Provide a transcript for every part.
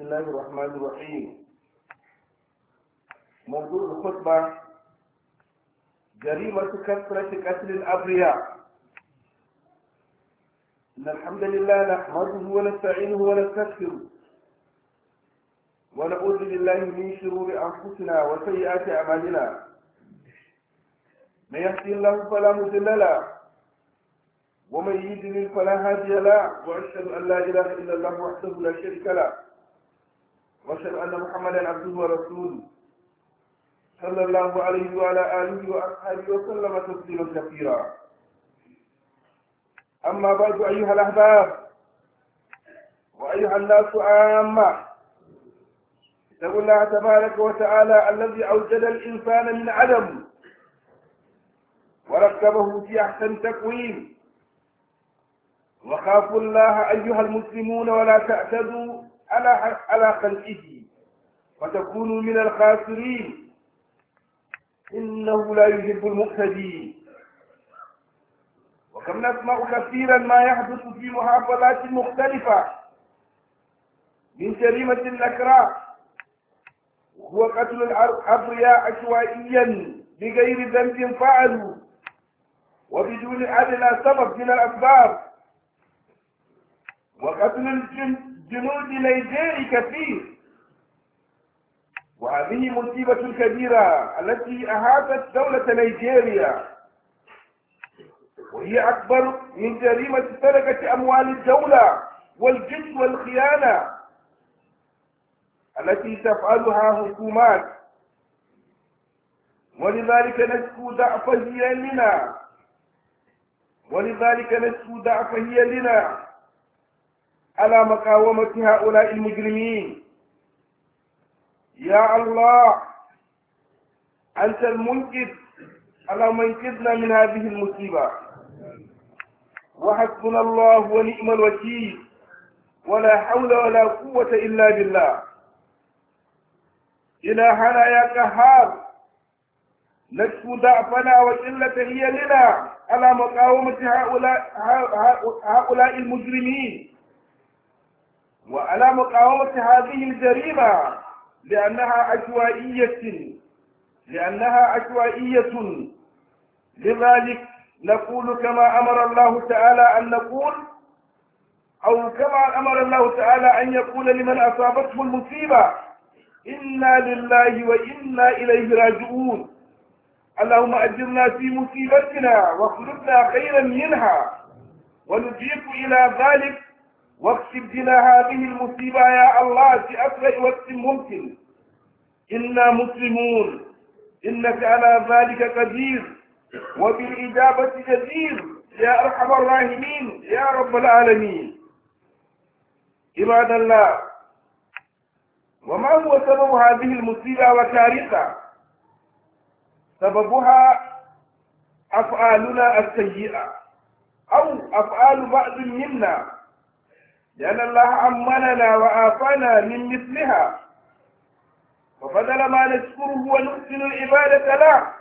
بسم الله الرحمن الرحيم موضوع الخطبة جريمة كثرة قتل الأبرياء إن الحمد لله نحمده ونستعينه ونستغفره ونعوذ بالله من شرور أنفسنا وسيئات أعمالنا من يهدي الله فلا مضل له ومن يضلل فلا هادي له وأشهد أن لا إله إلا الله وحده لا شريك له واشهد ان محمدا عبده ورسوله صلى الله عليه وعلى اله واصحابه وسلم تسليما كثيرا اما بعد ايها الاحباب وايها الناس عامه اتقوا الله تبارك وتعالى الذي اوجد الانسان من عدم وركبه في احسن تقويم وخافوا الله ايها المسلمون ولا تعتدوا على على خلقه وتكونوا من الخاسرين إنه لا يحب المقتدين وكم نسمع كثيرا ما يحدث في محافظات مختلفة من جريمة النكراء وهو قتل الأبرياء عشوائيا بغير ذنب فعلوا وبدون أدنى سبب من الأسباب وقتل الجن جنود نيجيري كثير وهذه مصيبة كبيرة التي أهابت دولة نيجيريا وهي أكبر من جريمة سرقة أموال الدولة والجد والخيانة التي تفعلها حكومات ولذلك نشكو ضعف لنا ولذلك نشكو ضعف لنا على مقاومة هؤلاء المجرمين يا الله أنت المنقذ اللهم منقذنا من هذه المصيبة وحسبنا الله ونعم الوكيل ولا حول ولا قوة إلا بالله إلهنا يا قهار نشكو ضعفنا وقلة هي لنا على مقاومة هؤلاء, هؤلاء المجرمين وعلى مقاومة هذه الجريمة لأنها عشوائية لأنها عشوائية لذلك نقول كما أمر الله تعالى أن نقول أو كما أمر الله تعالى أن يقول لمن أصابته المصيبة إنا لله وإنا إليه راجعون اللهم أجرنا في مصيبتنا واخلقنا خيرا منها ونجيب إلى ذلك واكشف لنا هذه المصيبة يا الله في أسرع وقت ممكن إنا مسلمون إنك على ذلك قدير وبالإجابة جدير يا أرحم الراحمين يا رب العالمين عباد الله وما هو سبب هذه المصيبة وكارثة سببها أفعالنا السيئة أو أفعال بعض منا لأن الله أمننا وآفانا من مثلها وبدل ما نشكره ونحسن العبادة له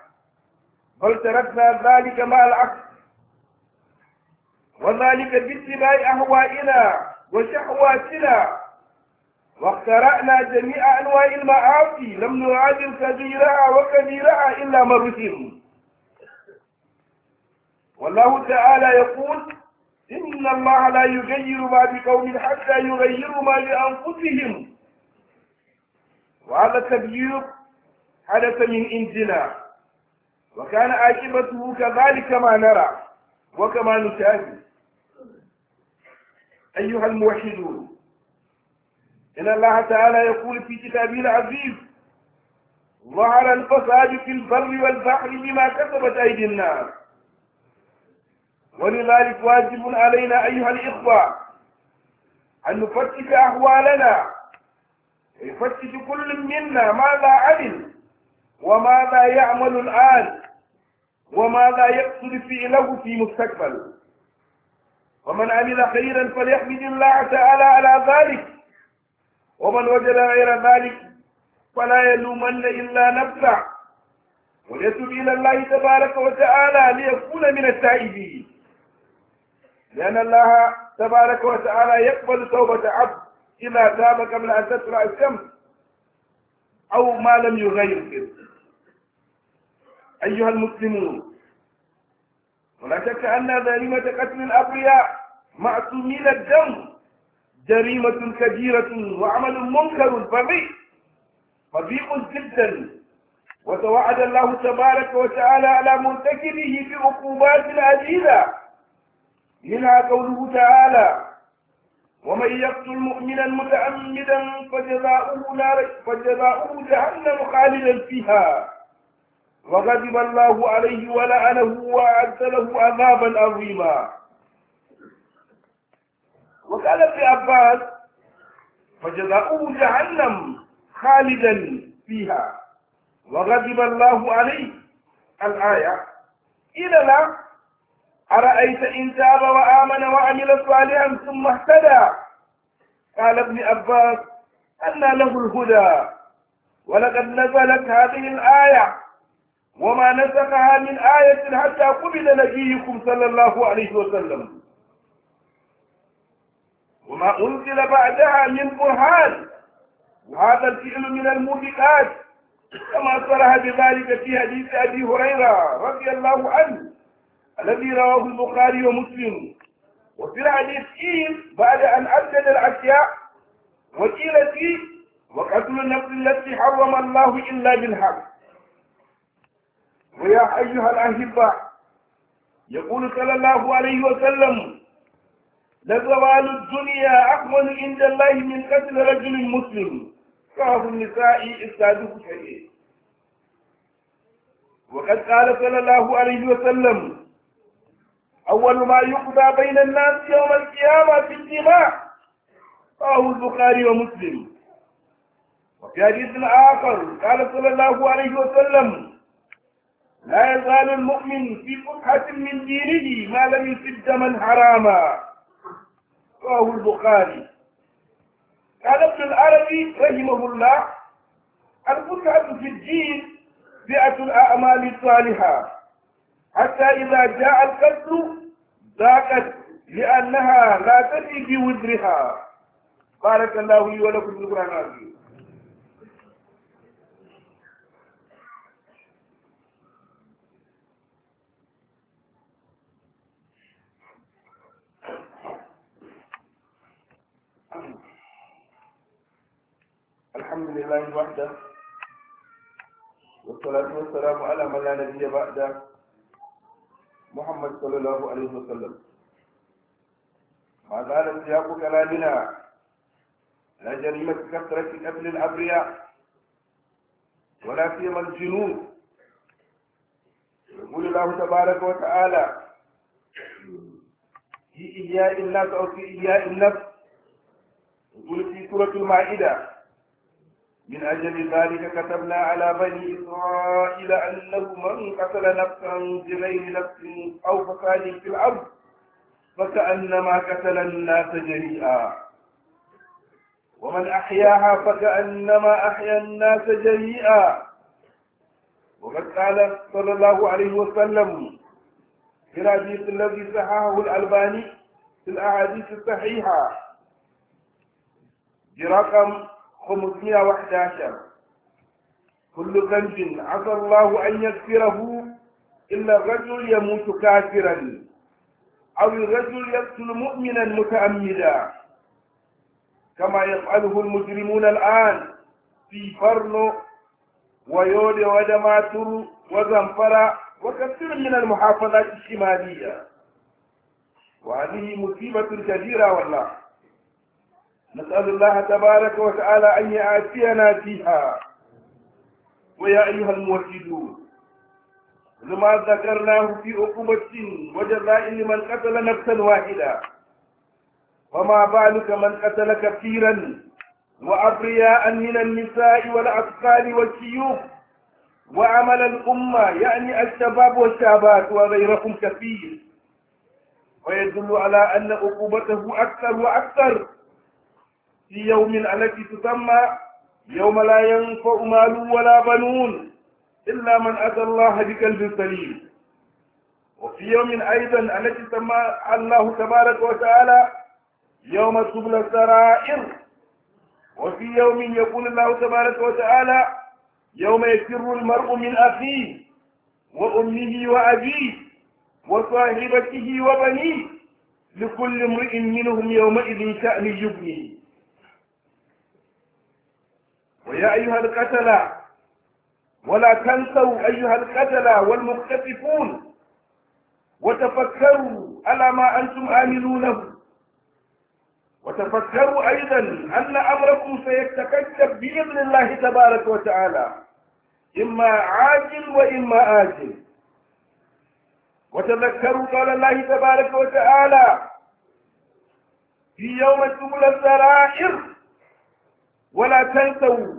بل تركنا ذلك مع العكس وذلك باتباع أهوائنا وشهواتنا واخترعنا جميع أنواع المعاصي لم نعادل كبيرها وكبيرها إلا ما والله تعالى يقول إن الله لا يغير ما بقوم حتى يغيروا ما بأنفسهم وهذا التغيير حدث من عندنا وكان عاقبته كذلك ما نرى وكما نشاهد أيها الموحدون إن الله تعالى يقول في كتابه العزيز ظهر الفساد في البر والبحر بما كسبت أيدي الناس ولذلك واجب علينا أيها الإخوة أن نفتش أحوالنا يفتش كل منا ماذا عمل وماذا يعمل الآن وماذا يقصد فعله في مستقبل ومن عمل خيرا فليحمد الله تعالى على ذلك ومن وجد غير ذلك فلا يلومن إلا نفسه وليتب إلى الله تبارك وتعالى ليكون من التائبين لأن الله تبارك وتعالى يقبل توبة عبد إذا تاب قبل أن تطلع الشمس أو ما لم يغير كده أيها المسلمون ولا شك أن جريمة قتل الأبرياء معصومين الدم جريمة كبيرة وعمل منكر بريء فظيع جدا وتوعد الله تبارك وتعالى على مرتكبه بعقوبات عديدة منها قوله تعالى ومن يقتل مؤمنا متعمدا فجزاؤه نار فجزاؤه جهنم خالدا فيها وغضب الله عليه ولعنه واعد له عذابا عظيما وقال ابن عباس فجزاؤه جهنم خالدا فيها وغضب الله عليه الآية إلى لا أرأيت إن تاب وآمن وعمل صالحا ثم اهتدى قال ابن عباس أن له الهدى ولقد نزلت هذه الآية وما نسخها من آية حتى قبل نبيكم صلى الله عليه وسلم وما أنزل بعدها من برهان وهذا الفعل من الموبقات كما صرح بذلك في حديث أبي هريرة رضي الله عنه الذي رواه البخاري ومسلم وفي الحديث قيل بعد أن اسجد الأشياء وقيل فيه وقتل النفس التي حرم الله إلا بالحق ويا أيها الاحباء يقول صلى الله عليه وسلم لزوال الدنيا أكمل عند الله من قتل رجل مسلم صاحب النساء إستاذه شيء وقد قال صلى الله عليه وسلم أول ما يقضى بين الناس يوم القيامة في الدماء رواه البخاري ومسلم وفي حديث آخر قال صلى الله عليه وسلم لا يزال المؤمن في فتحة من دينه ما لم يصب دما حراما رواه البخاري قال ابن العربي رحمه الله الفتحة في الدين فئة الأعمال الصالحة حتى إذا جاء الكسل ذاقت لأنها لا تدري في بارك الله لي ولكم في القرآن العظيم الحمد لله وحده والصلاة والسلام على من لا نبي بعده محمد صلى الله عليه وسلم ما زال سياق كلامنا لا جريمة كثرة قتل الأبرياء ولا سيما الجنود يقول الله تبارك وتعالى في إياء الناس أو في إياء النفس يقول في سورة المائدة من أجل ذلك كتبنا على بني إسرائيل أنه من قتل نفسا بغير نفس أو فساد في الأرض فكأنما قتل الناس جميعا ومن أحياها فكأنما أحيا الناس جميعا وقد قال صلى الله عليه وسلم في الحديث الذي صححه الألباني في الأحاديث الصحيحة برقم خمسمائة وأحد عشر كل ذنب عسى الله أن يغفره إلا الرجل يموت كافرا أو الرجل يقتل مؤمنا متأملا كما يفعله المجرمون الآن في فرنو ويولي ودماتر وزنفرة وكثير من المحافظات الشمالية وهذه مصيبة كبيرة والله نسأل الله تبارك وتعالى أن يعافينا فيها ويا أيها الموحدون لما ذكرناه في عقوبة وجزاء لمن قتل نفسا واحدا وما بالك من قتل كثيرا وأبرياء من النساء والأطفال والشيوخ وعمل الأمة يعني الشباب والشابات وغيرهم كثير ويدل على أن عقوبته أكثر وأكثر في يوم التي تسمى يوم لا ينفع مال ولا بنون إلا من أتى الله بقلب سليم وفي يوم أيضا التي تسمى الله تبارك وتعالى يوم سبل السرائر وفي يوم يقول الله تبارك وتعالى يوم يفر المرء من أخيه وأمه وأبيه وصاحبته وبنيه لكل امرئ منهم يومئذ شأن يبنيه ويا أيها القتلى ولا تنسوا أيها القتلى والمختطفون وتفكروا على ما أنتم آملونه وتفكروا أيضا أن أمركم سيتكتب بإذن الله تبارك وتعالى إما عاجل وإما آجل وتذكروا قول الله تبارك وتعالى في يوم تبلى السرائر ولا تنسوا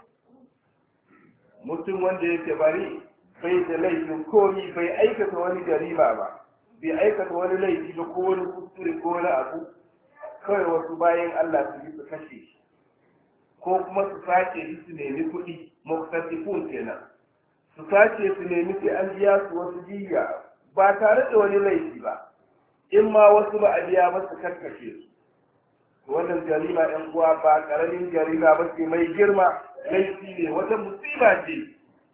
mutum wanda yake bari bai da laifin komi bai aikata wani jarima ba bai aikata wani laifi ba ko wani kuskure ko wani abu kawai wasu bayan Allah su yi su kashe shi ko kuma su sace shi su nemi kuɗi muktasifun kenan su sace su nemi sai an biya su wasu jiya ba tare da wani laifi ba in ma wasu ba a biya ba su karkashe su wannan jarima yan uwa ba karamin jarima ba ce mai girma laifi ne wata musiba ce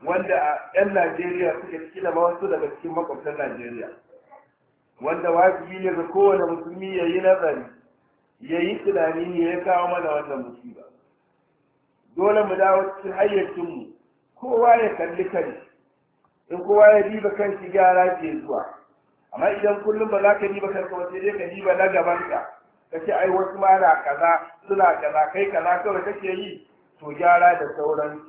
wanda a yan najeriya suka kila ma wasu daga cikin makwabtan najeriya wanda wajibi ne ga kowane musulmi ya yi nazari ya yi tunani ne ya kawo mana wannan musiba dole mu dawo cikin hayyacinmu kowa ya kalli kai in kowa ya diba kan shi gyara ke zuwa amma idan kullum ba za ka diba kanka wata dai ka diba na gabanka ka ai wasu ma na kaza suna kaza kai kaza kawai kake yi to gyara da sauran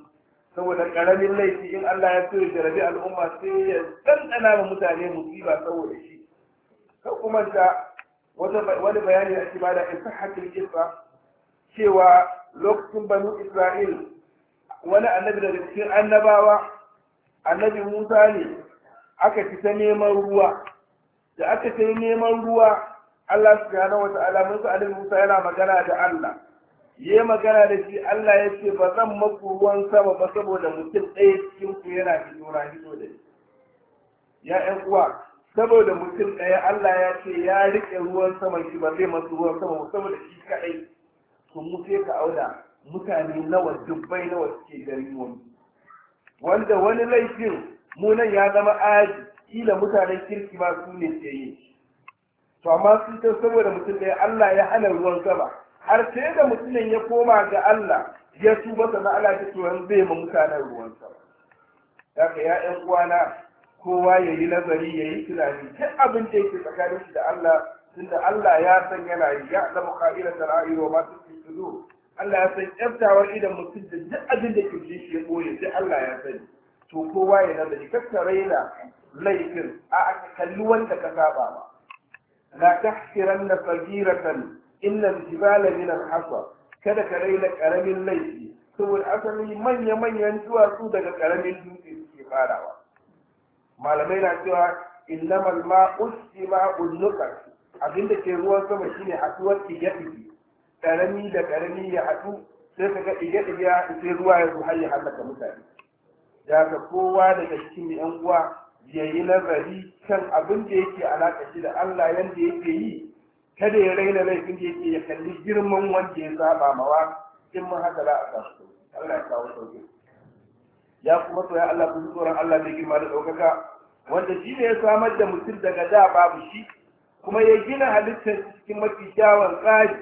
saboda karamin laifi in Allah ya so da jarabi al'umma sai ya tsantsana ma mutane musiba saboda shi Ka kuma da wani bayani a cikin da sahatul isra cewa lokacin banu Isra'il wani annabi da cikin annabawa annabi Musa ne aka fita neman ruwa da aka kai neman ruwa Allah subhanahu wata'ala mun sa Annabi Musa yana magana da Allah yi magana da shi Allah ya ce ba zan maku ruwan sama ba saboda mutum ɗaya cikin ku yana fito na hito da shi ya ƴan uwa saboda mutum ɗaya Allah ya ce ya riƙe ruwan sama shi ba zai masu ruwan sama saboda shi kaɗai to mu sai ka auna mutane nawa dubbai nawa suke garin wani wanda wani laifin mu nan ya zama aji kila mutanen kirki ma su ne ke yi to amma sun ta saboda mutum ne Allah ya hana ruwan sama har sai da mutumin ya koma ga Allah ya masa na Allah ta ce zai ma mutanen ruwan sama haka ya ƴan uwana kowa ya yi nazari ya yi tunani duk abin da yake tsakanin shi da Allah tunda Allah ya san yana yi ya zama ka'ira tara'iru wa masu fitudu Allah ya san ƴaftawar idan mutum da duk abin da ke shi ya ɓoye duk Allah ya sani to kowa ya nazari kakka raina laifin a kalli wanda ka saba ba Na tahkiranna sagiratan illa al-jibala min al-hasa kada ka raina karamin laifi saboda asali manya manyan duwatsu daga ƙaramin dutse suke farawa malamai na cewa innamal ma'u istima'un nuqas abinda ke ruwan sama shine haduwar igedige Ƙarami da karami ya hadu sai ka ga igedige sai ruwa ya zo har ya halaka mutane da ka kowa daga cikin yan uwa ya yi nazari kan abin da yake alaƙa shi da Allah yadda yake yi kada ya raina laifin da yake ya kalli girman wanda ya saba mawa in mun haka za a samu Allah ya kawo sauki ya kuma ya Allah ku tsoron Allah mai girma da ɗaukaka wanda shi ne ya samar da mutum daga da babu shi kuma ya gina halittar cikin mafi kyawun tsari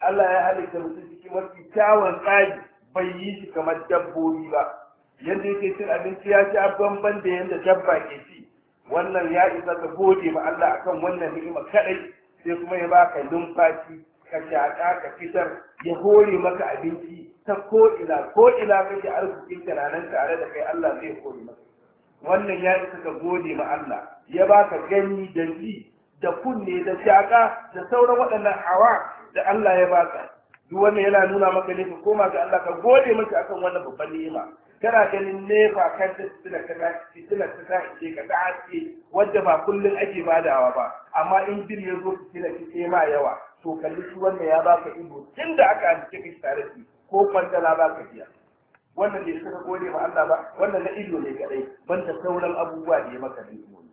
Allah ya halitta mutum cikin mafi kyawun tsari bai yi shi kamar dabbobi ba yadda yake cin abinci ya ci abban da yadda dabba ke ci wannan ya isa ka gode ma Allah akan wannan ni'ima kadai sai kuma ya baka numfashi ka shaƙa ka fitar ya hore maka abinci ta ko'ina ko'ina kake arzikin ka nan tare da kai Allah zai hore maka wannan ya isa ka gode ma Allah ya baka gani da ji da kunne da shaƙa da sauran waɗannan hawa da Allah ya baka duk wannan yana nuna maka ne ka koma ga Allah ka gode maka akan wannan babban ni'ima kana ganin nefa kan da suna ta suna ta tashi ka ta haske wadda ba kullum ake badawa ba amma in bil ya zo fitilar ta ce ma yawa to kalli shi wannan ya ka ido tun da aka halice ka tare shi ko kwandala ba ka biya wannan ne suka gode ma Allah ba wannan na ido ne kadai banda sauran abubuwa da ya maka da ido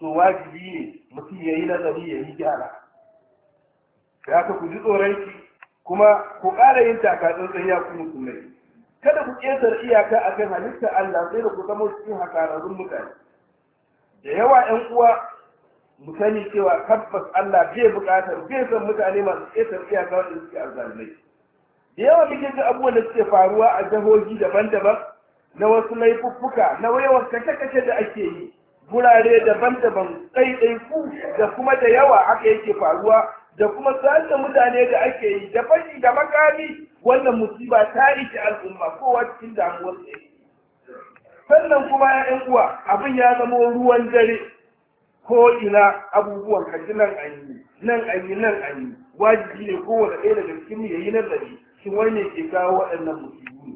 so wajibi ne mutum ya yi nazari ya yi gyara ya ka ku ji tsoron kuma ku ƙara yin taka tsantsan ya ku musulmai kada ku ƙetar iyaka a kan halitta Allah sai da ku zama cikin hakararrun mutane da yawa 'yan uwa mu sani cewa tabbas Allah bai buƙatar bai san mutane masu ƙetar iyaka wanda suke azzalmai da yawa muke ga abubuwan da suke faruwa a jihohi daban-daban na wasu laifuffuka na yawan kace-kace da ake yi gurare daban-daban ku da kuma da yawa haka yake faruwa da kuma sa'adda mutane da ake yi da fashi da makami wannan musiba ta rike al'umma kowa cikin damuwar sa sannan kuma ya uwa abin ya zama ruwan dare ko ina abubuwan kaji nan an yi nan an yi nan an yi wajibi ne kowane ɗaya daga cikin mu yayi nazari shi wani ke kawo waɗannan musibu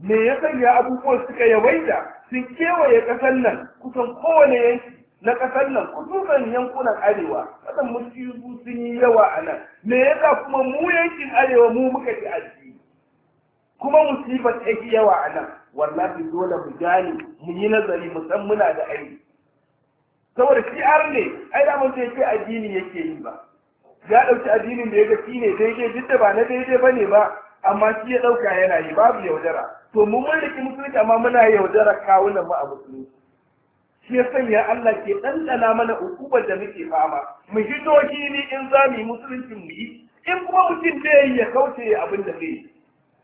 ne me ya sanya abubuwan suka yawaita sun kewaye ƙasar nan kusan kowane yanki na kasar nan kusurkan yankunan arewa kasan musibu sun yi yawa a nan me yasa kuma mu yankin arewa mu muka ci addini kuma musibar ta yi yawa a nan wallahi dole mu gane mu yi nazari mu san muna da aiki. saboda shi ar ne ai da mun ce addini yake yi ba ya ɗauki addinin da ya shine ne daidai duk da ba na daidai ba ne ba amma shi ya ɗauka yana yi babu yaudara to mu mun riki musulunci amma muna yaudara kawunan mu a musulunci shi ya Allah ke ɗanɗana mana hukumar da muke fama mu hito ni in za mu yi musuluncin mu yi in kuma mutum da yi ya kauce abin da zai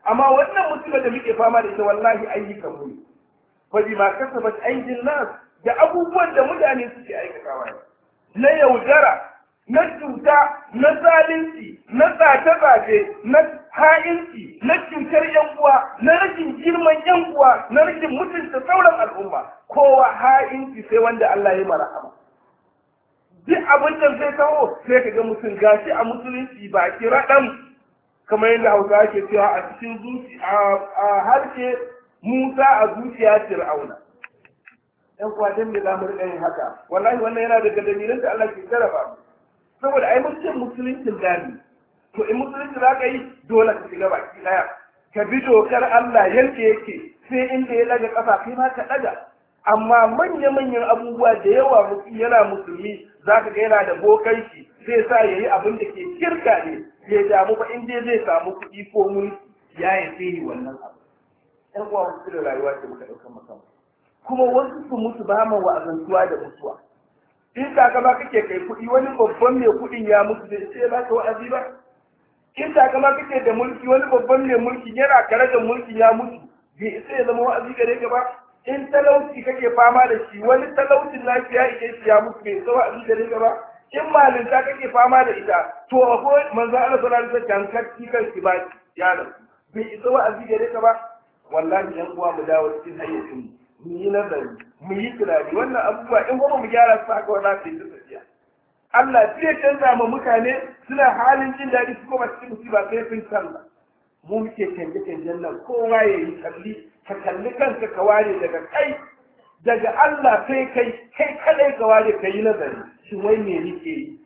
amma wannan musulma da muke fama da ita wallahi ayyukan mu ne bi ma kasabat aydin nas da abubuwan da mutane suke aikatawa ne na yaudara na cuta na zalunci na tsace-tsace na ha'inci na cutar yan uwa na rashin girman yan uwa na rashin mutunta sauran al'umma kowa ha'inci sai wanda Allah ya marahama duk abin da zai taho sai ka ga mutum gashi a musulunci ba ki raɗan kamar yadda hausa ke cewa a cikin zuci a harshe musa a zuciya fir'auna yan kwatan dan za yin haka wallahi wannan yana daga dalilin da Allah ke jarraba mu saboda ai mutum musulunci zami to in musulunci za ka yi dole ka shiga baki daya ka bi dokar Allah yanke yake sai inda ya daga kafa kai ma ka daga amma manya-manyan abubuwa da yawa yana musulmi za ka ga yana da bokanci zai sa ya yi abin da ke kirka ne ya damu ba in zai samu kuɗi ko mulki ya yi sai wannan abu ɗan uwa da rayuwa ce muka ɗaukar makamu kuma wasu su mutu ba ma wa'azantuwa da mutuwa in takama kake kai kuɗi wani babban mai kuɗin ya mutu zai ce ba ka wa'azi ba in takama kake da mulki wani babban mai mulki yana kare da mulki ya mutu bai isa ya zama wa'azi gare ka ba in talauci kake fama da shi wani talaucin lafiya ike shi ya mutu bai isa wa'azi gare ka ba in malinta kake fama da ita to ko manzo Allah sallallahu alaihi wasallam kan shi ba ya bai isa wa'azi gare ka ba wallahi yan uwa mu dawo cikin hayyacin mu mu yi nazari mu yi tunani wannan abubuwa in kuma mu gyara su haka wannan sai ta tafiya Allah zai canza ma mutane suna halin jin daɗi su kuma cikin musiba sai sun canza mu muke canje canjen nan kowa ya yi kalli ka kalli kanka ka ware daga kai daga Allah sai kai kai kadai ka ware ka yi nazari shi wai me nake yi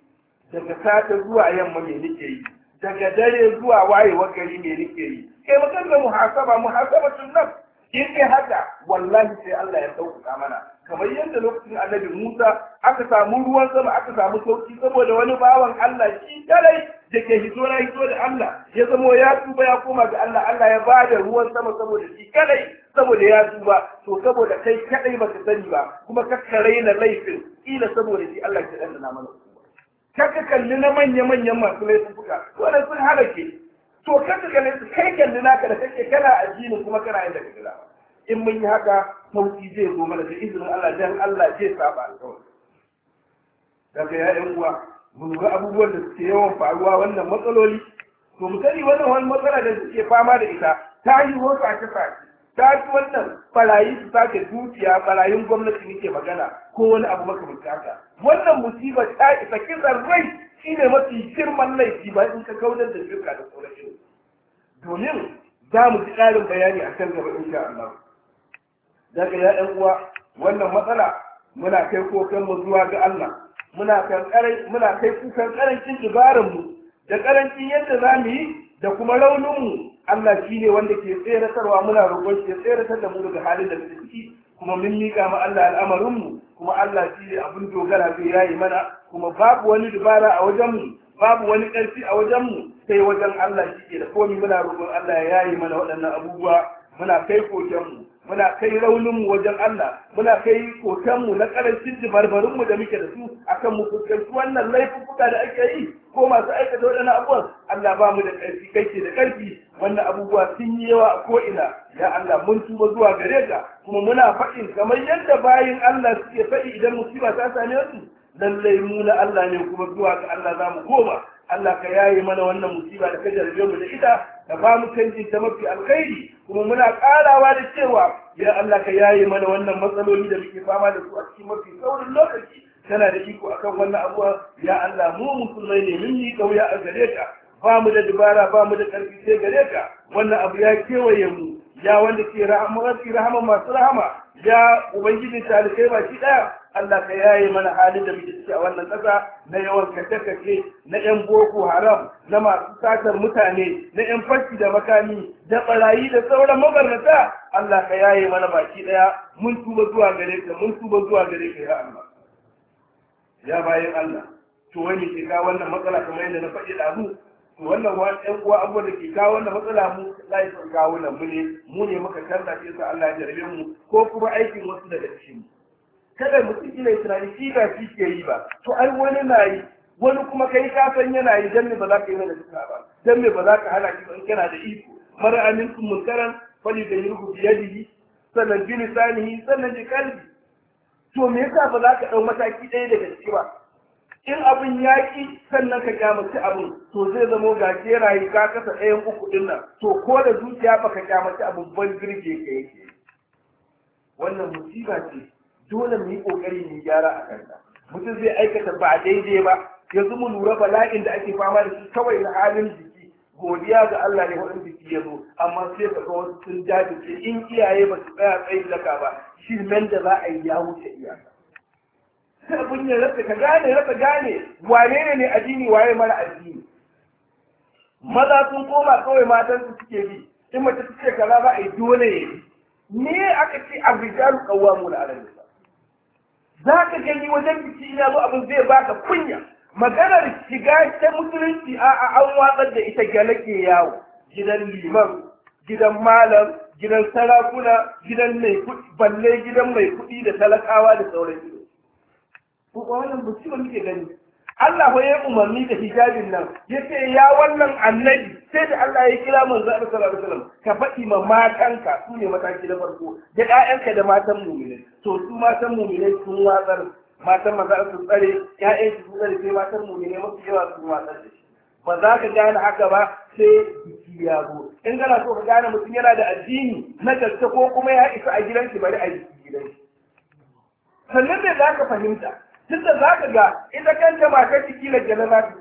daga sata zuwa yamma me nake yi daga dare zuwa wayewar gari me nake yi kai eh, mu kanka muhasaba muhasaba nan in kai haka wallahi sai Allah ya sauƙaƙa mana kamar yadda lokacin annabi Musa aka samu ruwan sama aka samu sauki saboda wani bawan Allah shi kadai da ke hito na hito da Allah ya zamo ya tuba ya koma ga Allah Allah ya ba da ruwan sama saboda shi kadai saboda ya tuba to saboda kai kadai baka sani ba kuma ka raina laifin kila saboda shi Allah ya danna mana kaka kalli na manya-manyan masu laifuka wannan sun halake to kan ka kalle su kai kalli naka da kake kana addini kuma kana inda kake da in mun yi haka sauki zai zo mana da izinin Allah dan Allah zai saba alƙawari daga ya yan uwa mun ga abubuwan da suke yawan faruwa wannan matsaloli to mu sani wannan wani matsala da suke fama da ita ta yi hosa ta sace ta yi wannan barayi su sake dukiya barayin gwamnati muke magana ko wani abu makamancin haka wannan musiba ta isa kisan rai shi ne mafi girman laifi ba in ka kaunar da shirka da tsoron domin za mu ji ƙarin bayani a kan gaba insha Allah daga ya ɗan uwa wannan matsala muna kai kokan mu zuwa ga Allah muna kai muna kai kukan ƙarancin ibaran mu da ƙarancin yadda za mu yi da kuma raunin mu Allah ne wanda ke tseratarwa muna roƙon shi ya tseratar da mu daga halin da muke ciki kuma mun mika ma Allah mu kuma Allah shi ne abin dogara zai yayi mana kuma babu wani dubara a wajenmu babu wani ƙarfi a wajen mu sai wajen Allah shi ke da komai muna roƙon Allah ya yayi mana waɗannan abubuwa muna kai kokenmu muna kai raunin mu wajen Allah muna kai mu na ƙarancin jibarbarinmu da muke da su akan mu fuskanci wannan laifuka da ake yi ko masu aikata waɗannan abubuwa Allah ba mu da ƙarfi kai ke da ƙarfi wannan abubuwa sun yi yawa a ko'ina ya Allah mun tuba zuwa gare ka kuma muna faɗin kamar yadda bayin Allah suke faɗi idan musiba ta same su lallai mu na Allah ne kuma zuwa ga Allah za mu koma Allah ka yaye mana wannan musiba da ka jarbe mu da ita ka ba mu canji ta mafi alkhairi kuma muna karawa da cewa ya Allah ka yaye mana wannan matsaloli da muke fama da su a cikin mafi saurin lokaci kana da iko akan wannan abuwa ya Allah mu musulmai ne mun yi kauya a gare ka ba mu da dubara ba mu da ƙarfi sai gare ka wannan abu ya kewaye mu ya wanda ke rahama masu rahama ya ubangiji ba baki ɗaya Allah ka yaye mana halin da muke ciki a wannan ƙasa na yawan kace-kace na 'yan boko haram na masu satar mutane na 'yan fashi da makami da barayi da sauran mabarnata Allah ka yaye mana baki ɗaya mun tuba zuwa gare ka mun tuba zuwa gare ka ya Allah ya bayan Allah to wani ke ka wannan matsala kamar yadda na faɗi ɗazu wannan wani ɗan uwa abuwa da ke kawo wannan matsala mu laifin kawo nan mu ne mu ne muka canza shi sa Allah ya jarabe mu ko kuma aikin wasu daga cikin mu kada mutum ina tunani shi ba shi ke yi ba to ai wani na yi wani kuma kai ka san yana yi dan me ba za ka yi mana duka ba dan me ba za ka hana shi ba in kana da iko mara aminkum munkaran fali da yurhu bi yadihi sannan bi lisanihi sannan bi kalbi to me yasa ba za ka dau mataki ɗaya daga ciki ba in abin ya ƙi sannan ka kyamaci abin to zai zama ga rayu ka kasa ɗayan uku ɗin nan to ko da zuciya baka kyamaci abin ban girge ka yake wannan musiba ce dole mu yi ƙoƙari mu gyara a kanta mutum zai aikata ba daidai ba yanzu mu lura bala'in da ake fama da shi kawai na halin jiki godiya ga Allah ne wajen jiki ya zo amma sai ka ga wasu sun jajirce in iyaye ba su tsaya tsayin laka ba shi nan da za a yi ya wuce iyaka sai abin ya rasa ka gane rasa gane wane ne ne addini waye mara addini maza sun koma kawai matan su suke bi in mace ta ce kaza za a yi dole ya yi aka ce a kawamu da alal nisa za ka gani wajen biki ina zo abin zai baka kunya maganar shiga ta musulunci a an watsar da ita gyalake yawo gidan liman gidan malam gidan sarakuna gidan mai kuɗi balle gidan mai kuɗi da talakawa da sauran ko wannan musibar muke gani Allah ko ya umarni da hijabin nan ya ce ya wannan annabi sai da Allah ya kira manzo Allah sallallahu alaihi wasallam ka faɗi ma matanka su ne mataki na farko da ƴaƴanka da matan mu'minai to su matan mu'minai sun watsar matan maza su tsare ƴaƴan su tsare sai matan mu'minai masu yawa su watsar da shi ba za ka gane haka ba sai biki ya zo in kana so ka gane mutum yana da addini na gaske ko kuma ya isa a gidanki bari a yi gidanki sannan da za ka fahimta tunda za ka ga ita kanta matar ciki da gyanar na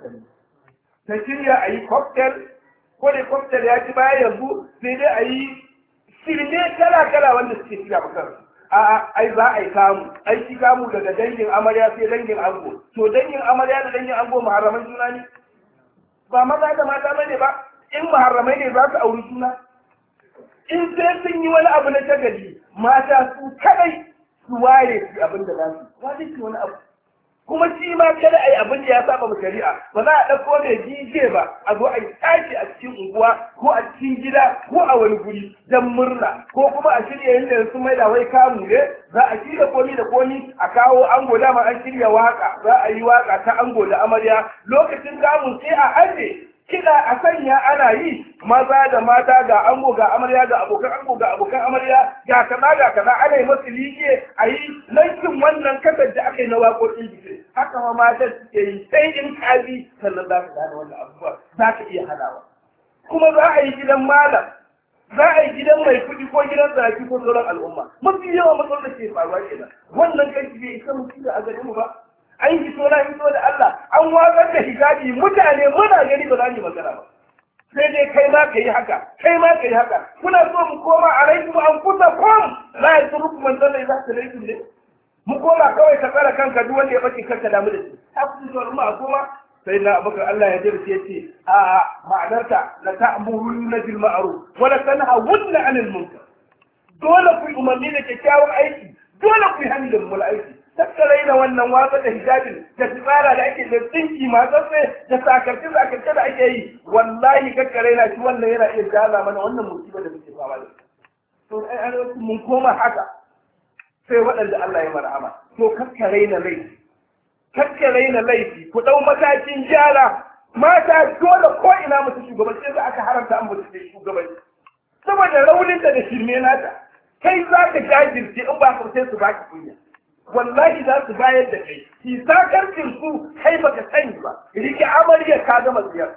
ta shirya a yi cocktail ko da cocktail ya ci baya yanzu sai dai a yi shirme kala kala wanda suke shirya kan. a ai za a yi kamu ai shi kamu daga dangin amarya sai dangin ango to dangin amarya da dangin ango maharaman juna ne ba maza da mata bane ba in maharamai ne za su auri juna in sai sun yi wani abu na tagadi mata su kadai su waye su abin da za su Wani su wani abu kuma shi ma kada a yi abin da ya saba ma shari'a ba za a ɗauko mai dj ba a zo a yi tashi a cikin unguwa ko a cikin gida ko a wani guri don murna ko kuma a shirya yin da sun mai wai kamu ne za a shirya komi da komi a kawo ango dama an shirya waka za a yi waka ta ango da amarya lokacin kamun sai a aje kiɗa a sanya ana yi maza da mata ga ango ga amarya ga abokan ango ga abokan amarya ga kaza ga kaza ana yi masu liƙe a yi lankin wannan kasar da aka yi na waƙoƙin biki haka ma mata suke yi sai in kazi sannan za ka gane wannan abubuwa za ka iya halawa kuma za a yi gidan malam za a yi gidan mai kuɗi ko gidan zaki ko sauran al'umma mafi yawa matsalar da ke faruwa kenan wannan kai bai isa mutum da a gari mu ba an yi so na hito da Allah an watsar da hijabi mutane muna gani ba za mu magana ba sai dai kai ma ka yi haka kai ma ka yi haka kuna so mu koma a rai mu an kusa kom Za a yi kuma zan da za su rai ne mu koma kawai ka tsara kanka duk wanda ya baki kanka damu da shi ta kusa zuwa mu a koma sai na abokan Allah ya jirce ya ce a ma'anarta la ta'muru na bil ma'ruf wa la tanhawunna 'anil munkar dole ku umarni da kyakkyawan aiki dole ku yi hannun mul aiki tattare da wannan wasa da hijabin da tsara da ake da tsinki matsatse da sakarce sakarce da ake yi wallahi kakkare na shi wannan yana iya jaza mana wannan musiba da muke fama da to ai mun koma haka sai waɗanda Allah ya marhama to kakkare na laifi kakkare na laifi ku dau matakin gyara mata dole ko ina mutu shugabanci da aka haramta an mutu shugabanci saboda raunin da da shirme nata kai za ka jajirce in ba ka sai su baki kunya wallahi za su bayar da kai hisakarcin su kai baka sani ba rike amaryar ka gama tsiyar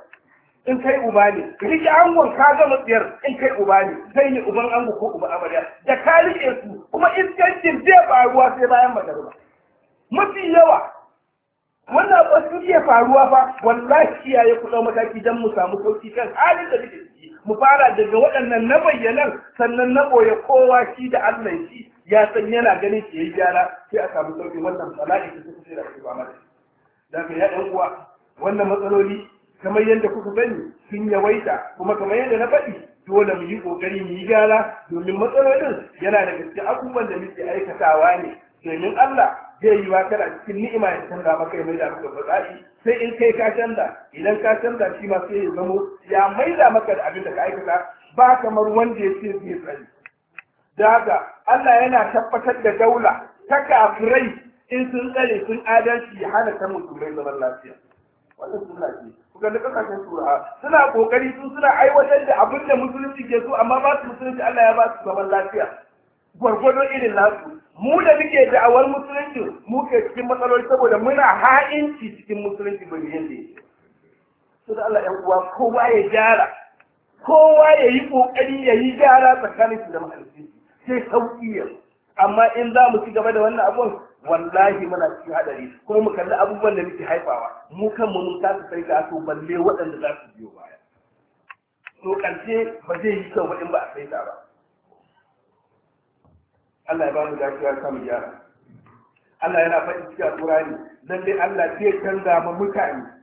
in kai uba ne rike angon ka gama tsiyar in kai uba ne zai ne uban ango ko uba amariya da ka rike su kuma iskancin zai faruwa sai bayan magarba mafi yawa wannan ba su iya faruwa ba wallahi iyaye ku dau mataki dan mu samu sauki kan halin da muke ciki mu fara daga waɗannan na bayyanan sannan na ɓoye kowa shi da Allah shi ya san yana ganin ya yi gyara sai a samu sauki wannan bala'i ta suka da su ba da ya ɗan uwa wannan matsaloli kamar yadda kuka sani sun yawaita kuma kamar yadda na faɗi dole mu yi ƙoƙari mu yi gyara domin matsalolin yana da gaske abubuwan da muke aikatawa ne domin Allah zai yi wa kana cikin ni'ima ya canza maka ya mai da maka bala'i sai in kai ka canza idan ka canza shi ma sai ya zamo ya mai da maka da abin da ka aikata ba kamar wanda ya ce zai tsari da haka Allah yana tabbatar da daula ta kafirai in sun tsare sun adalci ya hana ta musulmai zaman lafiya wannan suna ce kuka da kasashen turawa suna kokari su suna aiwatar da abin da musulunci ke so amma ba su musulunci Allah ya ba su zaman lafiya gwargwado irin nasu mu da muke da'awar musulunci mu ke cikin matsaloli saboda muna ha'inci cikin musulunci ba ne yadda yake. da Allah ‘yan uwa kowa ya gyara kowa ya yi ƙoƙari ya yi gyara tsakanin su da mahaifinsu. sai sauki yanzu amma in za mu ci gaba da wannan abun wallahi muna cikin hadari kuma mu kalli abubuwan da muke haifawa mu kan mu mun su sai ka to balle waɗanda za su biyo baya to karshe ba zai yi kyau ba in ba a saita ba Allah ya ba mu dacewa ta mu gyara Allah yana faɗi cikin Qur'ani lalle Allah zai canza mu mutane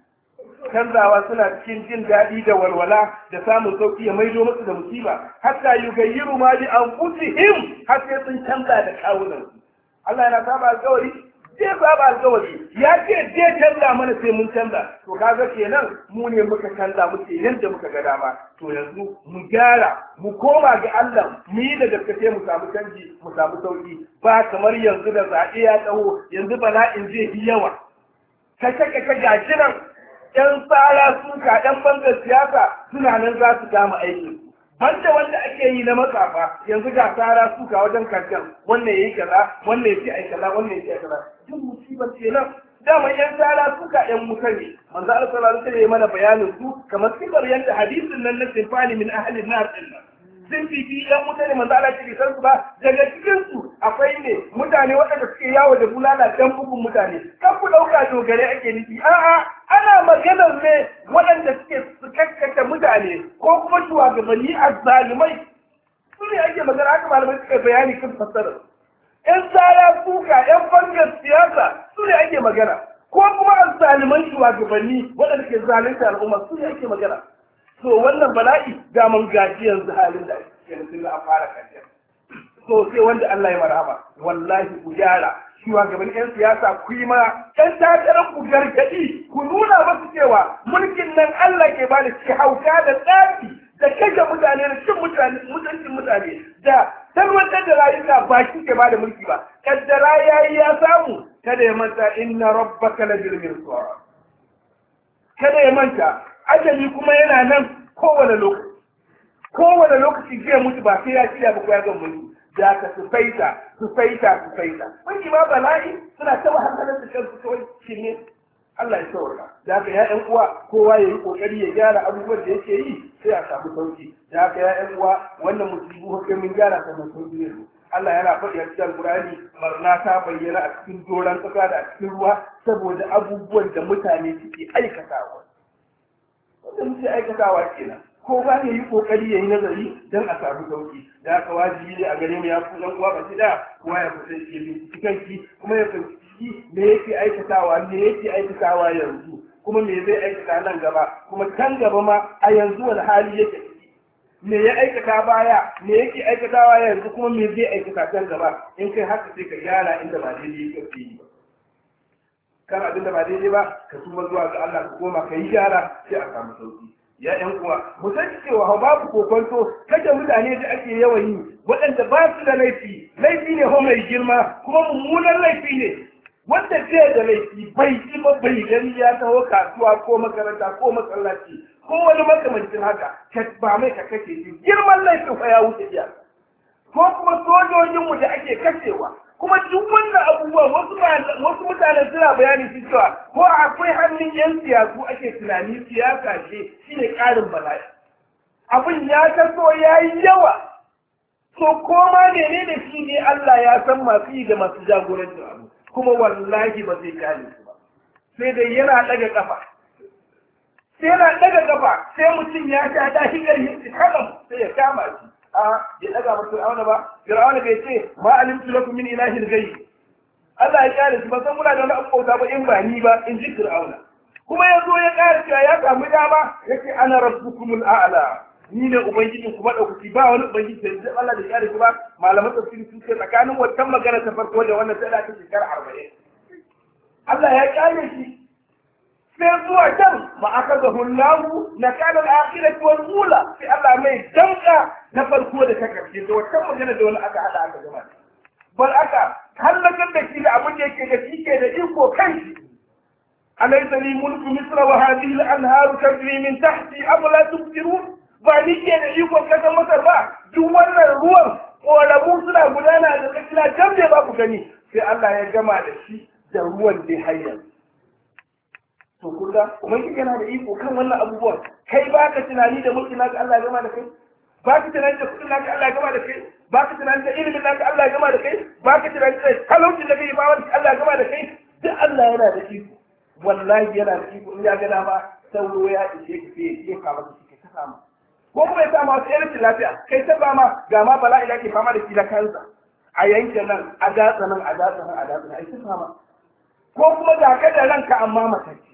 canzawa suna cikin jin daɗi da walwala da samun sauƙi ya maido musu da musiba hatta yugayyiru ma bi anfusihim har sai sun canza da kawunan Allah yana saba alƙawari je saba alƙawari ya ce je canza mana sai mun canza to kaga kenan mu ne muka canza muke yadda muka ga dama to yanzu mu gyara mu koma ga Allah mu yi da gaskace mu samu canji mu samu sauƙi ba kamar yanzu da zaɓe ya tsawo yanzu bala'in zai yi yawa ka kake ka nan ‘yan tsara suka ‘yan bangar siyasa suna nan za su gama aiki. Banda wanda ake yi na matsafa yanzu ga tsara suka wajen kankan wannan ya yi kaza wannan ya fi aikala, kaza wannan ya fi aikala. kaza duk musibar ce nan dama ‘yan tsara suka ‘yan muka ne manzo Allah sallallahu alaihi wasallam ya mana bayanin su kamar sifar yadda hadisin nan na sinfani min ahalin nar ɗin nan sun bibi ɗan mutane manzo Allah ke san su ba daga cikin su akwai ne mutane waɗanda suke yawo da bulala dan bugun mutane kan ku dauka dogare ake nufi a'a ana maganar ne waɗanda suke su kakkata mutane ko kuma shugabanni zalumai su ne ake magana haka malamai suka bayani kan fassarar ƴan tsara kuka yan bangar siyasa su ne ake magana ko kuma a azzalimai shugabanni waɗanda ke zalunta al'umma su ne ake magana to wannan bala'i da mun gaji yanzu halin da ake yanzu a fara kaje to sai wanda Allah ya marhaba wallahi ku gyara gaban yan siyasa ku yi ma yan takarar ku gargadi ku nuna su cewa mulkin nan Allah ke bada shi hauka da tsafi da kashe mutane da cin mutane mutuncin mutane da tarwatar da rayuka ba shi ke bada mulki ba kaddara yi ya samu kada ya manta inna rabbaka la bil kada ya manta ajali kuma yana nan kowane lokaci kowane lokaci zai mutu ba sai ya shirya ba ko ya mutu da ka su faita su faita su faita wani ma bala'i suna taba hankalin su kansu kawai shi ne Allah ya saurara da haka ya'yan uwa kowa ya yi kokari ya gyara abubuwan da yake yi sai a samu sauki da haka ya'yan uwa wannan musibu hakan mun gyara ta mun sauki ne Allah yana faɗi a cikin Qur'ani barna ta bayyana a cikin doron tsaka da a cikin ruwa saboda abubuwan da mutane suke aikatawa wanda muke aikatawa kenan ko ba ne yi kokari ya yi nazari don a samu sauki da haka wajibi ne a gare mu ya ku dan uwa ba shi da kuma ya kusa shi bi cikanki kuma ya fahimci me yake aikatawa me yake aikatawa yanzu kuma me zai aikata nan gaba kuma kan gaba ma a yanzu wani hali yake me ya aikata baya me yake aikatawa yanzu kuma me zai aikata can gaba in kai haka sai ka gyara inda ba daidai yake yi kana abinda ba daidai ba ka tuba zuwa ga Allah ka koma ka yi gyara sai a samu sauki ya ƴan uwa mu san cewa babu kokonto kashe mutane da ake yawan yi waɗanda ba su da laifi laifi ne ho mai girma kuma mummunan laifi ne wanda zai da laifi bai ji ba bai gani ya taho kasuwa ko makaranta ko masallaci ko wani makamancin haka ka ba mai ka kashe shi girman laifin fa ya wuce iya ko kuma sojojinmu da ake kashewa kuma duk wannan abubuwa wasu mutane suna bayani su cewa ko akwai hannun yan siyasu ake tunani siyasa ce shine ƙarin bala'i abin ya taso ya yi yawa so koma ne da shi ne Allah ya san masu yi da masu jagorancin abu kuma wallahi ba zai kare su ba sai dai yana ɗaga ƙafa sai yana ɗaga kafa sai mutum ya sha dashi gari sai ya kama shi a ya daga ba fir'auna ba fir'auna bai ce ma alimtu lakum min ilahin ghayri Allah ya kare shi ba san muna da wani abota ba in ba ni ba in ji fir'auna kuma ya zo ya kare cewa ya samu dama yace ana rabbukumul a'la ni ne ubangiji kuma dauki ba wani ubangiji Sai zai Allah da kare shi ba malaman tafsiri sun ce tsakanin wannan magana ta farko da wannan ta da ta shekara 40 Allah ya kare shi sai zuwa can ba aka ga hullahu na kanar akira wal ula sai Allah mai danka na farko da ta karshe da wata magana da wani aka hada aka gama bal aka hallakar da shi da abin da yake da shi ke da iko kai alaysa li mulku misra wa hadhihi al anharu tajri min tahti afala tubsirun ba ni ke da iko kasa masar ba duk wannan ruwan ƙorabu suna gudana da kakila jam da ba ku gani sai Allah ya gama da shi da ruwan da hayyar to kulla ubangiji yana da iko kan wannan abubuwan kai baka tunani da mulkin naka Allah gama da kai baka tunani da kudin naka Allah gama da kai baka tunani da ilimin naka Allah gama da kai baka tunani da talaucin da kai bawan Allah gama da kai duk Allah yana da iko wallahi yana da iko in ya ga dama sauro ya ishe ki sai ya kama ka cikin ka samu ko kuma ya sa ma sai rashin lafiya kai ta ba ma ga ma bala'i da ke fama da shi na kansa a yankin nan a gatsa nan a gatsa nan a gatsa nan ai ta fama ko kuma ga ka da ranka amma mataki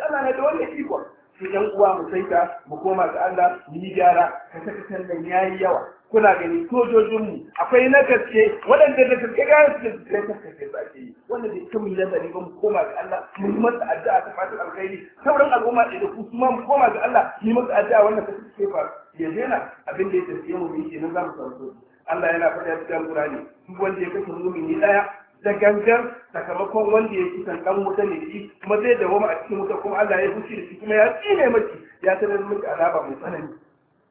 Allah na da wannan ikon su ɗan uwa mu saita mu koma ga Allah mu yi gyara kasakasan nan yayi yawa kuna gani sojojinmu akwai na gaske waɗanda da gaske gane su da gaske da ke yi wanda bai kan yi nazari ba mu koma ga Allah mu yi masa addu'a ta fatan alkhairi sauran al'umma da da ku kuma mu koma ga Allah mu yi masa addu'a wannan ka suke fa ya daina abin da ya tafiye mu mu ke nan za mu samu Allah yana faɗa ƙura ne. duk wanda ya kashe mumini daya da gangan sakamakon wanda ya kisan ɗan wuta ne shi kuma zai dawoma a cikin wuta kuma Allah ya fushi da shi kuma ya ne maki ya sanar miki azaba mai tsanani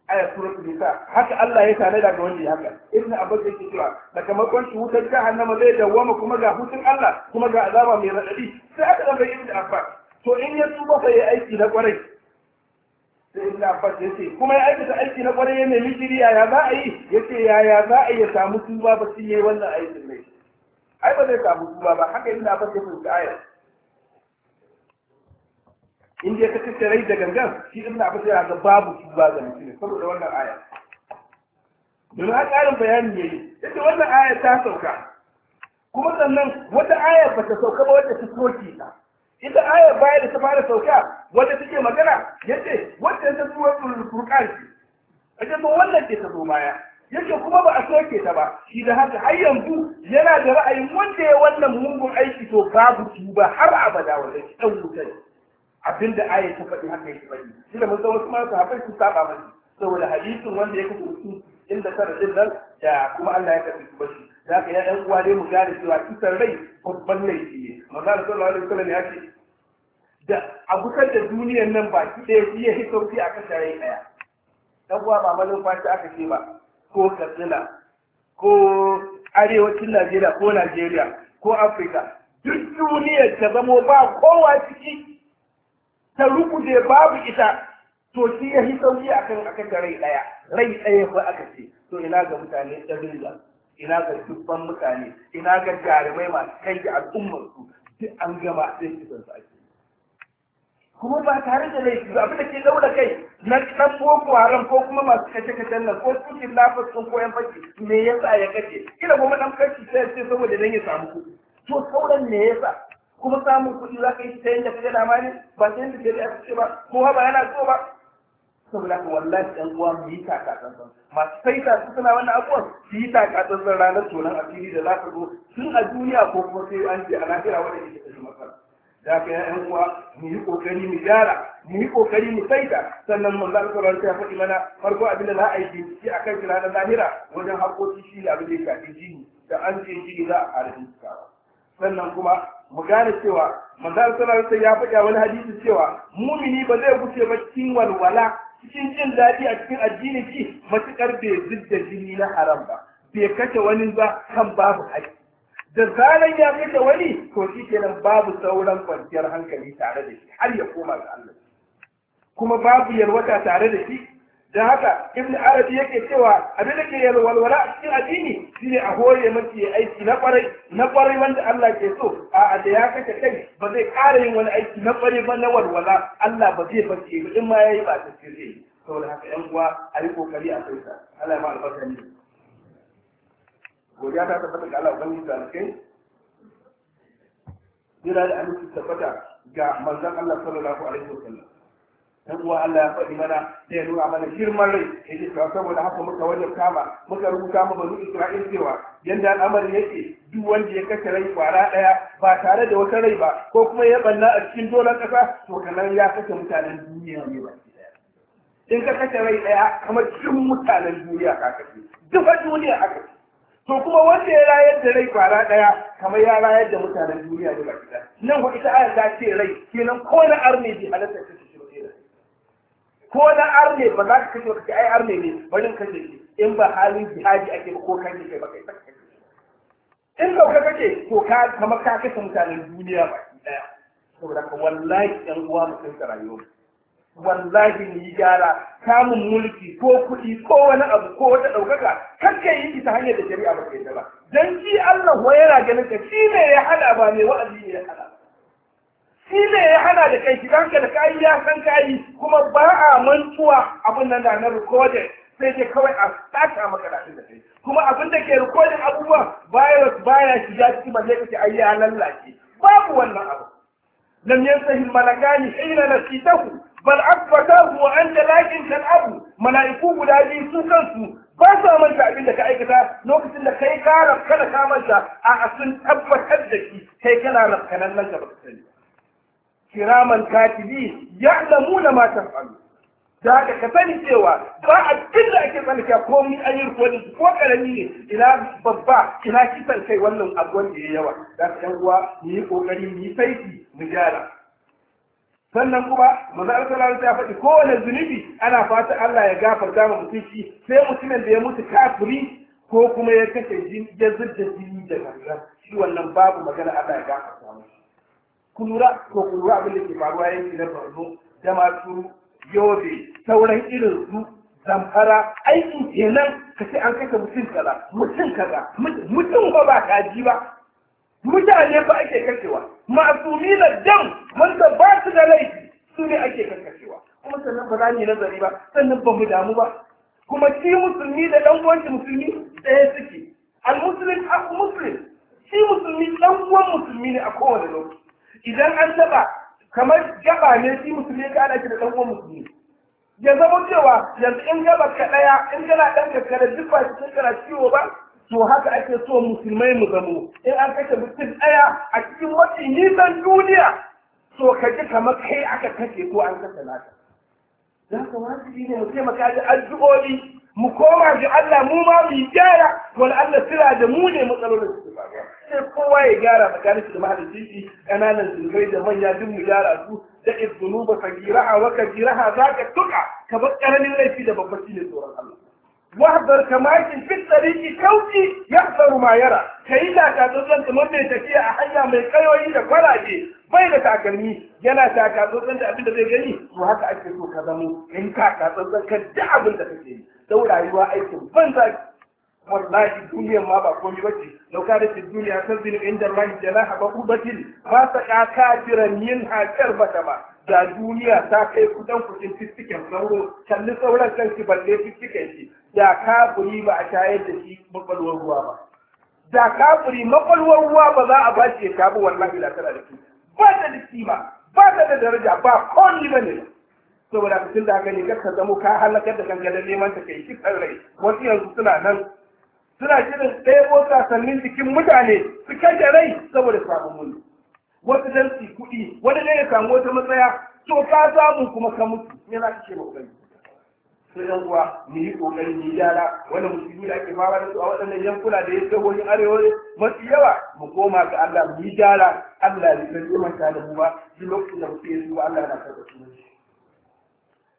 aya ta nisa haka Allah ya tare daga wanda ya haka ibn abbas yake cewa sakamakon shi wutar jahannama zai dawoma kuma ga hutun Allah kuma ga azaba mai radadi sai aka zama ibn abbas to in ya tuba sai ya aiki na kwarai sai ibn abbas ya ce kuma ya aikata aiki na kwarai ya nemi jiriya ya za a yi ya ce yaya za a yi ya samu tuba ba sai yayi wannan aikin ne ai ba zai samu duba ba haka yin labar da mun ayar in dai ka kace rai da gangan shi ibn da yana ga babu ba ga mutum saboda wannan ayar don an karin bayani ya yi yadda wannan ayar ta sauka kuma sannan wata ayar ba ta sauka ba wadda ta soke ta ita ayar baya da ta fara sauka wadda take magana yace wadda ta suwa furqan ce ita to wannan ke ta zo baya yake kuma ba a soke ta ba shi da haka har yanzu yana da ra'ayin wanda ya wannan mungun aiki to babu tuba har abada wanda shi dan wuta ne abinda ayi ta faɗi haka yake faɗi shi da manzo wasu ma sahabbai sun saba mani saboda hadisin wanda ya kafa su inda tara din nan da kuma Allah ya kafa su bashi da haka ya dan uwa dai mu gane cewa kisan rai babban laifi ne manzo sallallahu alaihi wasallam ya ce da abukan da duniyar nan baki ɗaya shi ya hito a kashe rai ɗaya dan uwa ba malin kwaci aka ce ba ko katsina ko arewacin najeriya ko najeriya ko afirka duk duniyar ta zamo ba kowa ciki ta rukuje babu ita to shi ya yi sauki akan akan da rai ɗaya rai ɗaya ko aka ce to ina ga mutane ɗarin da ina ga dubban mutane ina ga jarumai masu kai da al'ummar duk an gama sai san su ake kuma ba tare da laifi ba abin da ke daura kai na dan boko haram ko kuma masu kace kace nan ko cikin lafas ko koyan faki me yasa ya kace kila kuma dan kashi sai sai saboda dan ya samu kuɗi to sauran me yasa kuma samun kuɗi za ka yi ta yadda kaga dama ne ba sai da shari'a ta ce ba kuma ba yana so ba saboda haka wallahi ɗan uwa mu yi taka tsantsan masu saita su suna wannan abuwa su yi taka tsantsan ranar tonon asiri da za ka zo tun a duniya ko kuma sai an je a lafiya wanda ke da matsala da ka yan uwa mu yi kokari mu gyara mu yi kokari mu saita sannan mun zan sauran ta faɗi mana farko abin da za a yi bincike a kan na lahira wajen haƙoƙi shi ne abin da ya shafi jini da an ce jini za a ƙara sannan kuma mu gane cewa manzan ta ya faɗi wani hadisi cewa mumini ba zai guce ba cikin walwala cikin jin daɗi a cikin addini ki matuƙar bai zidda jini na haram ba bai kace wani ba kan babu haƙƙi da zaran ya fi da wani to shi kenan babu sauran kwanciyar hankali tare da shi har ya koma ga Allah kuma babu yalwata tare da shi da haka ibn arabi yake cewa abin da ke yalwalwala a cikin addini shine a hore maki ya aiki na kwarai na kwarai wanda Allah ke so a da ya kashe kai ba zai kara yin wani aiki na kwarai ba na walwala Allah ba zai ba, in ma yayi ba ta sirri saboda haka yan uwa a yi kokari a kai Allah ya ma albarka ne godiya ta tabbata ga Allah ubangiji da alkai jira da aminci tabbata ga manzon Allah sallallahu alaihi wa sallam. dan uwa Allah ya faɗi mana da ya nuna mana girman rai ya ce saboda haka muka wajen kama muka rubuta mu banu Isra'il cewa yanda al'amari yake duk wanda ya kashe rai kwara ɗaya ba tare da wata rai ba ko kuma ya banna a cikin dolan ƙasa to kanan ya kashe mutanen duniya ne ba in ka kashe rai ɗaya kamar cikin mutanen duniya ka kashe duka duniya aka kashe to kuma wanda ya rayar da rai kwara daya kamar ya rayar da mutanen duniya da baki daya nan ko ita ayar ta ce rai kenan ko na arne bi halatta ka kashe ba ko na arne ba za ka kashe ba ai arne ne barin ka kashe shi in ba halin jihadi ake ba ko kan kai ba kai in ka kake to ka kamar ka kashe mutanen duniya baki daya saboda ka wallahi yan uwa mu kanka rayuwa wallahi mu yi gyara samun mulki ko kuɗi ko wani abu ko wata ɗaukaka ka yi ita hanyar da shari'a ba ta ba dan ji Allah wa yana ganin ka shi ne ya hana ba mai wa'azi ne ya hana shi ne ya hana da kai shigan ka da kai ya san kai kuma ba a mantuwa abin nan da na recorded sai dai kawai a tsaka maka da da kai kuma abin da ke recording abubuwa virus baya shiga ciki ba zai kace ai ya lallace babu wannan abu lam yansahi malakani hina nasitahu bal abbatahu wa lakin kan abu mala'iku guda biyu su kansu ba sa manta abin da ka aikata lokacin da kai ka rafkana ka manta a sun tabbatar da shi kai kana rafkanan nan ka baka sani kiraman katibi na ma taf'alu da haka ka sani cewa ba a duk da ake tsanaka ko mun an yi rikodin ko karami ne ina babba ina kisan kai wannan abuwan da ya yawa da ka yan uwa mu yi kokari mu yi saiti mu gyara sannan kuma maza alƙalar ya faɗi kowane zunubi ana fata Allah ya gafarta ma mutum shi sai mutumin da ya mutu kafiri ko kuma ya kashe ya zubda jini da gangan shi wannan babu magana Allah ya gafarta mu ku lura ko ku lura abin da ke faruwa yanki na Borno da masu yobe sauran irin su zamfara aikin kenan ka an kashe mutum kaza mutum kaza mutum ba ba kaji ba mutane ba ake kashewa masumi na dam wanda ba su da laifi su ne ake kashewa kuma sannan ba za mu yi nazari ba sannan ba mu damu ba kuma shi musulmi da dan uwan musulmi ɗaya suke al muslim aku muslim shi musulmi dan uwan musulmi ne a kowane lokaci idan an taba kamar gaba ne shi musulmi ka ana da dan uwan musulmi ya zama cewa yanzu in gaba ka ɗaya in kana ɗan kakkara duk ba shi kana ciwo ba to haka ake so musulmai mu zamo in an kashe mutum ɗaya a cikin mafi nisan duniya to ka ji kamar kai aka kashe ko an kashe naka za ka wajibi ne mu taimaka da addu'o'i mu koma ga Allah mu ma mu gyara wani Allah sira da mu ne matsalolin su sai kowa ya gyara tsakanin da mahallin jiki kananan da manya duk mu gyara su da izunu ba sagiraha wa Za ka tuka ka bar karamin laifi da babbar ne tsoron Allah wahdar kamakin fi tsariki ya tsaro ma yara yi da katsotsan kamar mai tafiya a hanya mai kayoyi da kwaraje bai da takalmi yana ta da abin da zai gani to haka ake so ka zamo in ka katsotsan ka da abin da kake yi sau rayuwa aikin za wallahi duniyar ma ba komai bace lauka da dace duniya san zini inda Allah jalaha ba ubatin ba ta ka kafiran yin hakar bata ba da duniya ta kai kudan kudin cikin sauro kalli sauran kanki balle cikin shi da kafiri ba a shayar da shi makwalwar ruwa ba da kafiri makwalwar ruwa ba za a ba shi ya sha ba wallahi la tana da ba ta da kima ba ta da daraja ba koni ba ne saboda ka cin da haka ne kar ka zamo ka halakar da kanka neman ta kai shi rai wasu yanzu suna nan suna shirin ɗaya ko sasannin jikin mutane su kashe rai saboda samun mulki wasu dan su kuɗi wani ne ya samu wata matsaya to ka samu kuma ka mutu me za ka ce ma sai yan uwa mu yi ƙoƙari mu yi gyara wani musulmi da ake fama da su a waɗannan yankuna da ya tsohon arewa mafi yawa mu koma ga Allah mu yi gyara Allah ne kan imanta da mu ba duk lokacin da mutum yi zuwa Allah na karɓar su ne.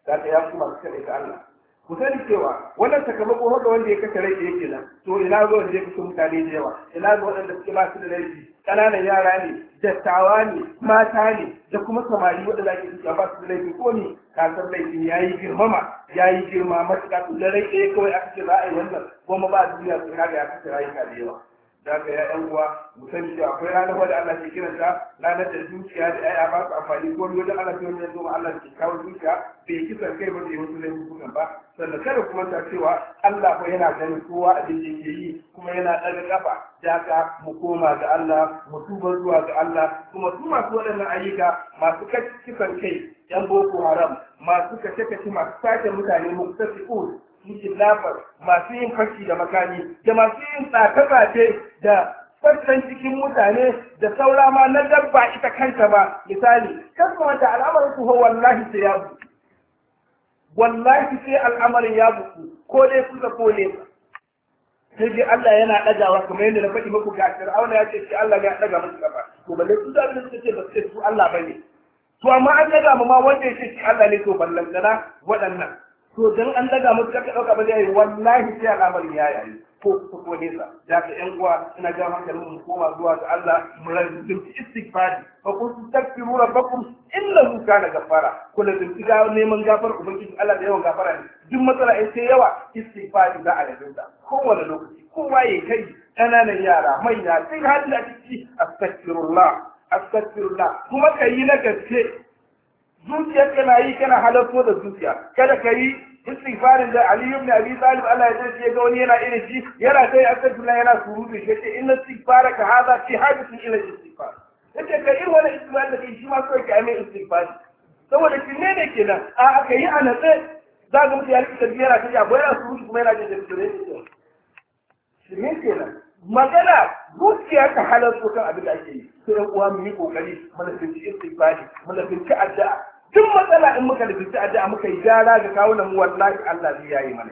Za ta yi kuma su kaɗai ga Allah. ku sani cewa wannan sakamakon haka wanda ya kashe rai da yake nan to ina zo da ya kashe mutane da yawa ina zo waɗanda suke ba su da laifi ƙananan yara ne dattawa ne mata ne da kuma samari waɗanda ake suke ba su da laifi ko ne kasar laifin ya yi girmama ya yi girma matuƙa da rai ɗaya kawai aka ce za a yi wannan kuma ba a duniya su kaga ya kashe rayuka da yawa da ka ya'yan uwa mu sani cewa akwai ranar da Allah ke kiranta ranar da zuciya da ya'ya ba su amfani ko wani Allah ke wani zuwa Allah ke kawo zuciya bai kisan kai ba zai wasu kuma ba sannan kada kuma ta cewa Allah ko yana ganin kowa a daidai ke yi kuma yana ɗaga kafa da ka mu koma ga Allah mu tuba zuwa ga Allah kuma su masu waɗannan ayyuka masu kisan kai yan boko haram masu kace-kace masu sace mutane mu tafi musulafar masu yin fashi da makami da masu yin tsafe-tsafe da fassan cikin mutane da saura ma na dabba ita kanta ba misali kasma wata al'amarin su hau, wallahi sai ya buku wallahi sai al'amarin ya buku ko dai kusa ko nesa sai dai Allah yana ɗagawa kamar yadda na faɗi muku ga Fir'auna ya ce shi Allah ya ɗaga musu kafa to balle su da suka ce ba su ce su Allah bane to amma an ɗaga mu ma wanda ya ce shi Allah ne to ballantana waɗannan to dan an daga musu ka dauka ba zai yi wallahi sai kamar ya yayi ko ko ko nesa da ka yan uwa ina ga hankali mu koma zuwa ga Allah mu rantsi istighfari fa ku tastaghfiru rabbakum innahu kana ghaffara ko da duk ga neman gafar ubangiji Allah da yawan gafara ne duk matsala ai sai yawa istighfari za a yi da kowane lokaci kowa ya kai ƙananan yara manya sai har da ciki astaghfirullah astaghfirullah kuma kai na gaske zuciyar kana yi kana halarto da zuciya kada ka yi istighfarin da Ali ibn Abi Talib Allah ya dace ga wani yana irin shi yana kai astaghfirullah yana surutu shi ce inna istighfaraka hadha shihadatun ila istighfar yace ka irin wani istighfar da kai shi ma sai ka yi istighfar saboda kinne ne ne kenan a aka yi a natse za ga mutum ya rike tabbiyar a kai abu yana surutu kuma yana jin jirgin shi ne kenan magana zuciya ka halarta kan abin da ake yi sai uwa mu yi kokari mana tunci istighfari mana tunci addu'a Tun matsala in muka rubuta addu'a muka yi gyara ga kawunan mu wallahi Allah zai yayi mana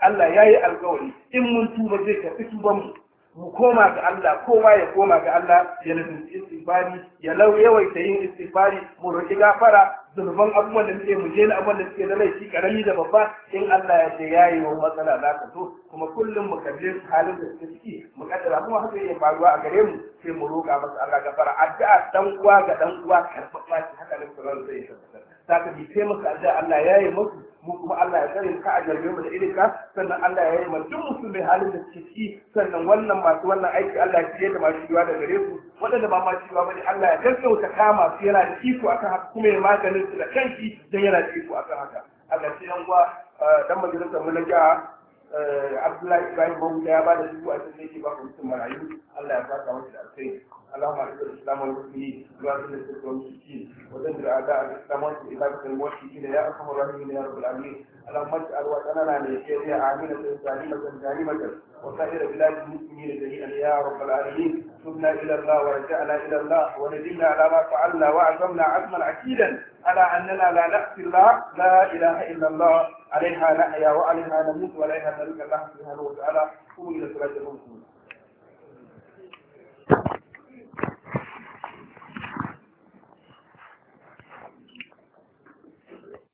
Allah yayi alƙawari in mun tuba zai tafi tuban mu mu koma ga Allah kowa ya koma ga Allah ya rubuta istighfari ya lau yawaita yin istighfari mu roki gafara zunuban abubuwan da muke mu je na abubuwan da muke da laifi karami da babba in Allah ya ce yayi wa matsala za ka zo kuma kullum mu kalle halin da suke ciki mu kaddara kuma haka yake faruwa a gare mu sai mu roƙa masa Allah gafara addu'a dan uwa ga dan uwa karɓa shi haka ne Qur'ani zai tabbatar saka bi sai masa addu'a Allah yayi musu mu kuma Allah ya tsare ka a jarbe mu da irin ka sannan Allah ya yi ma duk musulmi halin da ciki sannan wannan masu wannan aiki Allah ya fiye da masu shiwa da gare su waɗanda ba masu yiwa bane Allah ya gaggauta kama su yana da iko akan haka kuma ya maganin su da kanki dan yana da iko akan haka Allah sai yan uwa eh, dan majalisar mu na jiha eh, Abdullahi Ibrahim Bawu ya ba da dubu a cikin yake ba ku mutum marayu Allah ya ka wani da alkhairi اللهم اعز الاسلام والمسلمين واذل الشرك والمشركين ودمر اعداء الاسلام وانصر عبادك الموحدين يا ارحم الراحمين يا رب العالمين اللهم اجعل وطننا نيجيريا عاملة سالمة دائمة وسائر بلاد المسلمين جميعا يا رب العالمين تبنا الى الله ورجعنا الى الله وندمنا على ما فعلنا وعزمنا عزما عكيدا على اننا لا نعصي الله لا اله الا الله عليها نحيا وعليها نموت وعليها نلقى الله سبحانه وتعالى قوموا الى صلاه المسلمين